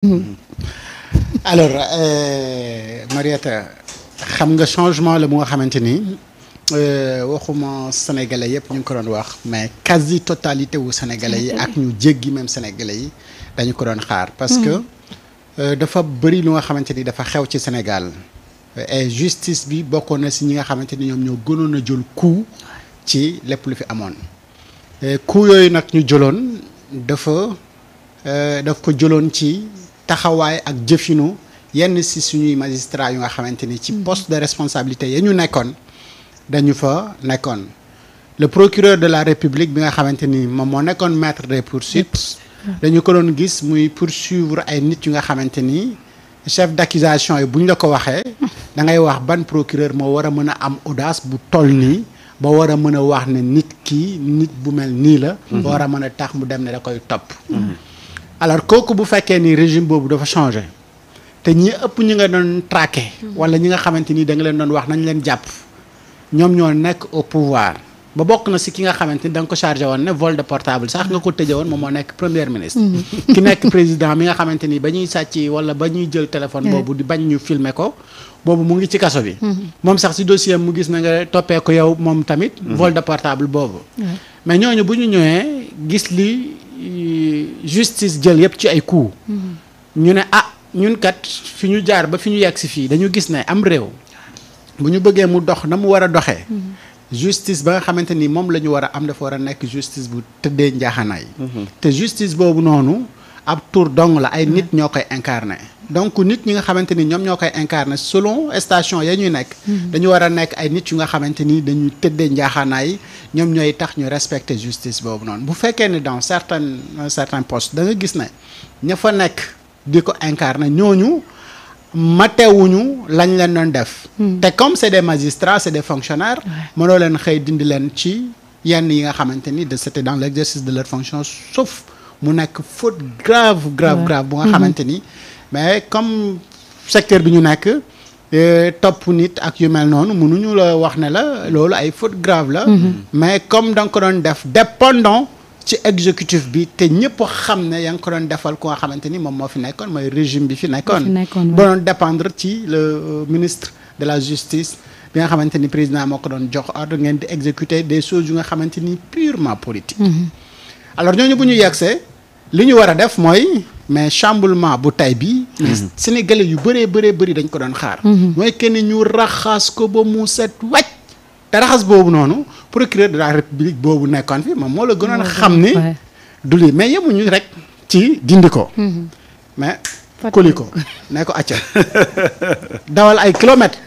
Mm-hmm. alors euh, xam nga changement la bu nga xamante ni euh, waxuma sénégalais yëpp ñu ngi ko doon wax mais quasi totalité wu sénégalais yi ak ñu jéggi même sénégalais yi dañu ko doon xaar. parce que euh, dafa bëri lu nga xamante ni dafa xew ci Sénégal et justice bi bokkoon na si ñi nga xamante ni ñoom ñoo gënoon a jël coup ci lépp lu fi amoon coup yooyu nag ñu jëloon dafa euh, daf ko jëloon ci. taxawaay ak jëfinu yenn si suñuy magistrat yu nga xamante ni ci mm-hmm. poste de responsabilité ya ñu nekkoon dañu fa nekkoon le procureur de la république bi nga xamante ni moom moo nekkoon maître des poursuites mm-hmm. dañu ko doon gis muy poursuivre ay nit yu nga xamante ni chef d'accusation yi buñ la ko waxee mm-hmm. da ngay wax ban procureur moo war a mën a am audace bu toll nii ba war a mën a wax ne nit kii nit bu mel nii la ba war a mën a tax mu dem ne da koy topp alors kooku bu fekkee ni régime boobu dafa changé te ñi ëpp ñi nga doon traqué mhm. wala ñi nga xamante ni da nga leen doon wax nañ leen jàpp ñoom ñoo nekk au pouvoir ba bokk na si ki nga xamante ni da ko chargé woon ne vol de portable sax nga ko tëjee woon moom moo nekk premier ministre mhm. ki nekk président mi nga xamante ni ba ñuy sàcc wala ba ñuy jël téléphone boobu di bañ ñu filmer ko boobu mu ngi ci kaso bi mhm. moom sax si dossier mu gis na nga toppee ko yow moom tamit vol de portable boobu mais ñooñu bu ñu ñëwee gis justice jël yëpp ci ay coup mm-hmm. ñu ne ah ñun kat fi ñu jaar ba fi ñu yegg si fii dañu gis ne am réew bu ñu bëggee mu dox na mu war a doxee mm-hmm. justice ba nga xamante ni moom la ñu war a am dafa war a nekk justice bu tëddee njaaxanaay mm-hmm. te justice boobu noonu ab tour dong la ay nit ñoo koy incarné donc nit ñi nga xamante ni ñoom ñoo koy incarné solo station ya ñuy nekk mm-hmm. dañu war a nekk ay nit yu nga xamante ni dañuy tëddee njaaxaanaay ñoom ñooy tax ñu respecter justice boobu noonu bu fekkee ne dans certains certains postes da nga gis na ña fa nekk di ko incarné ñooñu matewuñu lañ leen doon def mm-hmm. te comme c'est des magistrats c'est de fonctionnaires mënoo leen xëy dindi leen ci yenn yi nga xamante ni de c'était dans l'exercice de leur fonction sauf mu nekk faute grave grave grave bu nga mhm. xamante ni mais comme secteur bi ñu nekk euh, topp nit ak yu mel noonu mënuñu la wax ne la loolu ay faute grave la mhm. mais comme danga ko doon def dépendant ci exécutif bi te ñëpp xam ne yaa ngi ko doon defal ko nga xamante ni moom moo fi nekkoon mooy régime bi fi nekkoon ba doon dépendre ci le euh, ministre de la justice bi nga xamante ni président moo ko doon jox ordre ngeen di exécuter des choses yu nga xamante ni purement politique mhm. alors ñooñu bu ñu yegsee li ñu war a def mooy mais chamboulement bu tay bi mais mhm. sénégalais yu bëree bëree bëri dañ ko doon xaar mhm. mooy kenn ñu raxas ko ba mu set wàcc te raxas boobu noonu procureur de la république boobu nekkoon fi moom moo la gënoon xam ni du lii mais yemuñu rek ci dindi ko mhm. mais kuli ko ne ko acca dawal ay kilomètres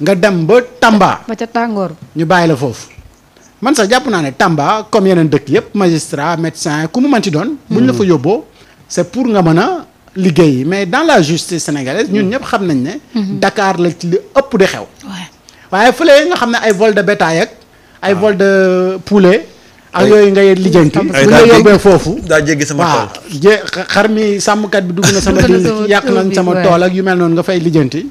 nga dem ba Tamba ca tàngoor ñu bàyyi la foofu man sax jàpp naa ne Tamba comme yeneen dëkk yëpp magistrat médecin ku mu manti doon. buñ la fa hmm. yóbboo c'est pour nga mën a liggéey mais dans la justice sénégalaise ñun hmm. ñëpp xam nañ ne. Hmm. Dakar la ci li ëpp di xew. waaye fële nga xam ne ay vol de bétail ak. ay ah. vol de poulet. ak yooyu ngay lijjanti bu ñu la yóbbee foofu daa jéggi sama tool bi dugg na sama di yàq nañ sama tool ak yu mel noonu nga fay lijjanti.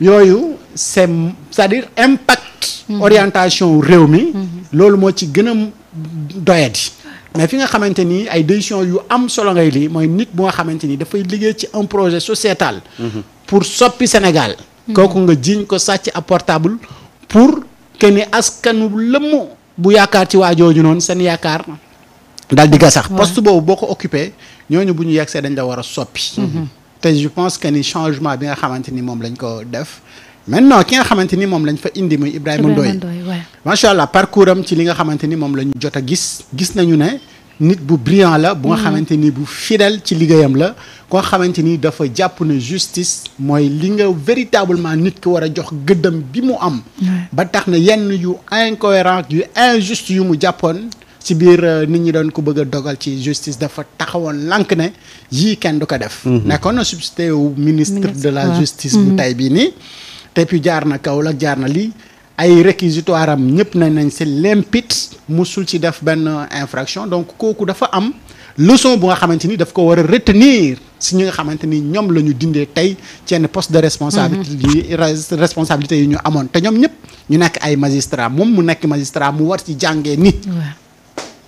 yooyu c'est cest dire impact. Mm-hmm. orientation réew mi. Mm-hmm. loolu moo ci gën a doyadi. mais fi nga xamante ni ay décision yu am solo ngay lii mooy nit bu nga xamante ni dafay liggéey ci un projet sociétal. Mm-hmm. pour soppi Sénégal. kooku nga jiiñ ko sàcc ab portable pour que ni askanu lëmm bu yaakaar ci waa jooju noonu seen yaakaar. dal di sax poste boobu boo ko occupé ñooñu bu ñu yegsee dañ la war a soppi. te je pense que ni changement bi nga xamante ni moom lañ ko def. maintenant ki nga xamante ni moom lañu fa indi muy Ibrahima Ndoye macha allah parcours am ci li nga xamante ni moom lañ jot a gis gis nañu ne nit bu brillant la bu nga mm. xamante ni bu fidèle ci liggéeyam la ko nga xamante ni dafa jàpp ne justice mooy li nga véritablement nit ki war a jox gëddam bi mu am ba tax na yenn yu incohérent yu injuste yu mu jàppoon ci biir euh, nit ñi doon ko bëgg a dogal ci justice dafa taxawoon lank ne yii kenn du ko def mm-hmm. nekkoon na substitut ministre de la justice bu mm-hmm. bii nii te puis jaar na Kaolack jaar na lii ay réquisitoire am ñëpp nañ nañ c'est limpide musul ci def benn infraction donc kooku dafa am leçon bu nga xamante ni daf ko war a retenir si ñu nga xamante ni ñoom la ñu dindee tey ci yenn poste de responsabilité mhm. responsabilité yi ñu amoon te ñoom ñëpp ñu nekk ay magistrat moom mu nekk magistrat mu war ci jàngee ni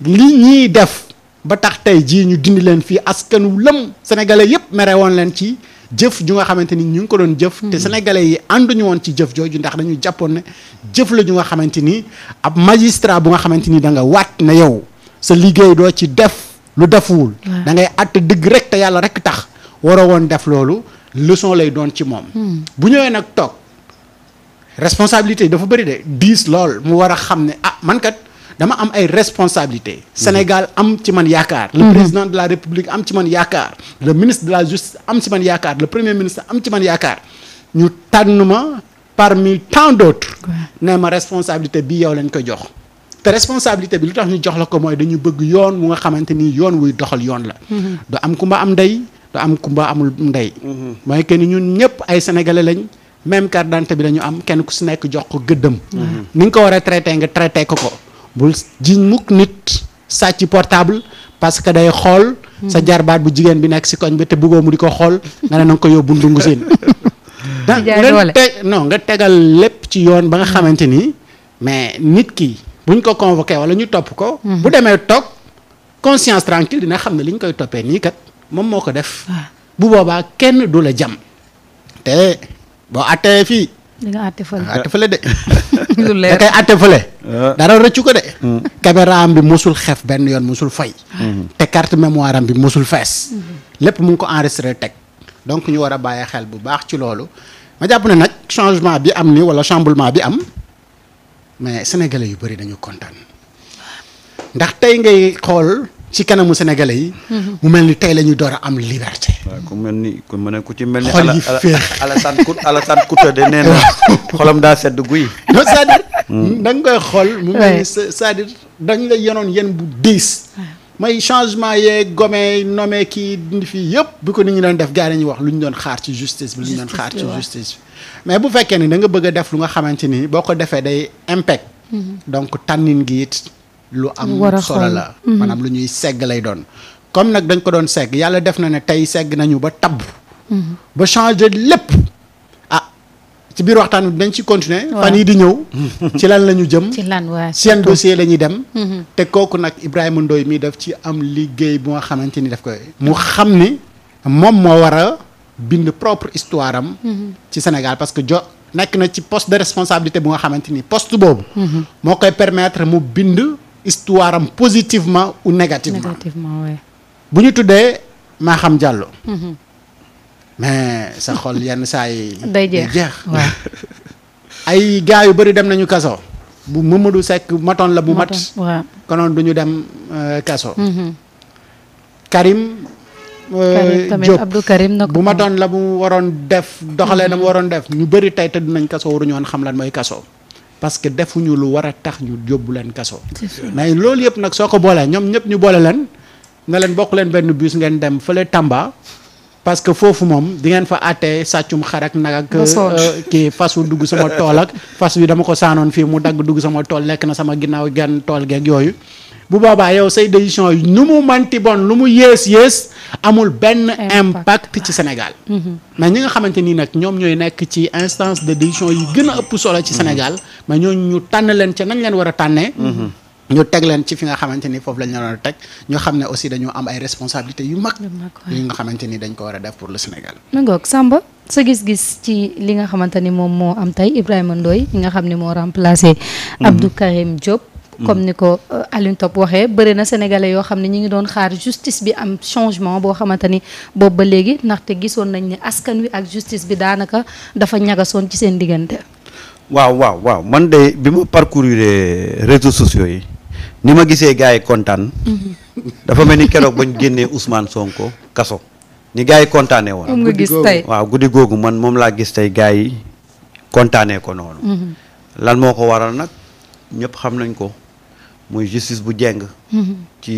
li ñuy def ba tax tey jii ñu dindi leen fii askanu lëm sénégalais yëpp mere woon leen ci jëf ju nga xamante ni ñu ngi ko doon jëf hmm. te sénégalais yi ànduñu woon ci jëf jooju ndax dañu jàppoon ne jëf la ju nga xamante ni ab magistrat bu nga xamante ni da nga waat na yow sa liggéey doo ci def lu defuwul da ngay àtt dëgg rek te yàlla rek tax waroo woon def loolu leçon lay doon ci moom hmm. bu ñëwee nag toog responsabilité yi dafa bëri de diis lool mu war a xam ne ah man kat dama am ay responsabilité Sénégal am ci man yaakaar. le mhm. président de la République am ci man yaakaar. le ministre de la justice am ci man yaakaar le premier ministre am ci man yaakaar ñu tànn ma parmi tant d'autres. ne ma responsabilité bi yow lañ ko jox. te responsabilité bi lu tax ñu jox la ko mooy dañu bëgg yoon wu nga xamante ni yoon wuy doxal yoon la. Mhm. du am kumba am ndey du am kumba amul ndey. Mhm. mooy que ni ñun ñëpp ay sénégalais lañ. même carte d'identité bi la am kenn ku si nekk jox ko gëddëm. ni nga ko war traité nga traité ko ko. bul jiñ mukk nit sàcc portable parce que day xool sa hmm. jarbaat bu jigéen bi nekk si koñ bi te buggoo mu di ko xool nga ne na nga ko yóbbu ndungu siin da nga te non nga tegal lépp ci yoon ba nga hmm. xamante ni mais nit ki buñ ko convoqué wala ñu topp ko hmm. bu demee toog conscience tranquille dina xam ne li ñu koy toppee nii kat moom moo ko def ah. bu boobaa kenn du la jam te boo attee fii nga atte fële atte de da koy atte fële Ah. dara rëccu ko de. Hmm. caméra bi mosul xef benn yoon mosul fay. Hmm. te carte mémoire bi mosul fees. Hmm. lépp mu ngi ko enregistré teg donc ñu war a bàyyi xel bu baax ci loolu ma jàpp ne nag changement bi am ni wala chamboulement bi am mais sénégalais yu bëri dañu kontaan ndax tey ngay xool ci kanamu sénégalais yi. mu mel ni tey lañuy door a am liberté. mel ni ku mel ne mel ni. xol yi féex Alassane Alassane Couta de nee xolam daa sedd guy. Mm. da nga koy xool. mu mel ni cest dañ la yenoon yen bu diis. may changement yee gome nommé kii dindi fii yëpp bu ko nit ñi doon def gars yi wax lu ñu doon xaar ci justice bi lu ñu xaar ci mais bu fekkee ni da nga bëgg a def lu nga xamante ni boo ko defee day impact mm-hmm. donc tànnin gi it lu am solo la mm-hmm. maanaam lu ñuy segg lay doon comme nag dañ ko doon segg yàlla def na ne tey segg nañu ba tabb mm-hmm. ba changer lépp ci biir waxtaan bi dañ ci continuer fan yi di ñëw ci lan la ñu jëm ci lan waa seen dossier la ñuy dem mm-hmm. te kooku nag Ibrahima ndoy mii def ci am liggéey bu nga xamante ni daf koy mu xam ni moom moo war a bind propre histoire am mm-hmm. ci Sénégal parce que jo nekk na ci poste de responsabilité bu nga xamante ni post boobu mm-hmm. moo koy permettre mu bind histoire am positivement ou négativement bu ñu tuddee Maham Diallo mais sa xol yenn saa yi. day jeex waaw ay gars yu bari dem nañu kaso. bu Mamadou sekk matoon la bu mat. waaw konoon du ñu dem euh, kaso. Mm-hmm. Karim. Euh, Karim tamit Abdou nag bu matoon la mu waroon def doxalee na mu mm-hmm. waroon def ñu bëri tey tëdd nañ kaso waruñu woon xam lan mooy kaso. parce que defuñu lu war a tax ñu yóbbu leen kaso. mais loolu yëpp nag soo ko boolee ñoom ñëpp ñu boole leen. ne leen bokk leen benn bus ngeen dem fële Tamba. parce que foofu moom di ngeen fa àttee sàccum xar ak nag ak euh, kii fas wu dugg sama tool ak fas wi dama ko saanoon fii mu dagg dugg sama tool lekk na sama ginnaaw gen tool geeg yooyu bu boobaa yow say décision yi nu mu manti bon lu mu yées yées amul benn impact ci Sénégal mhm. mais ñi nga xamante nii nag ñoom ñooy nekk ci instance de décision yi gën a ëpp solo ci mhm. Sénégal mais ñooñu ñu tànn leen ca nañ leen war a tànnee mhm. ñu teg leen ci fi nga xamante ni foofu lañ la doon teg ñu xam ne aussi dañoo am ay responsabilités yu mag. yu nga xamante ni dañ ko war a def pour le Sénégal. nangook sa gis-gis ci li nga xamante ni moom moo am tey Ibrahima Ndoye nga xam ne moo remplacé. Mhm. Abdou Karim Diop. Mhm. comme ni ko euh, Alioune Top waxee bëri na sénégalais yoo xam ne ñu ngi doon xaar justice bi am changement boo xamante ni boobu ba léegi ndaxte gisoon nañ ne askan wi ak justice bi daanaka dafa ñagasoon ci seen diggante. waaw waaw waaw man de bi ma parcourir euh, réseaux sociaux yi. ni ma gisee gars yi kontaan. dafa mel ni keroog bañ génnee usmaan Sonko kaso. ni gaa yi kontaanee woon. moom waaw guddi googu man moom laa gis tey gaa yi kontaanee ko noonu. Mm-hmm. lan moo ko waral nag ñëpp xam nañ ko muy justice bu jeng. Mm-hmm. ci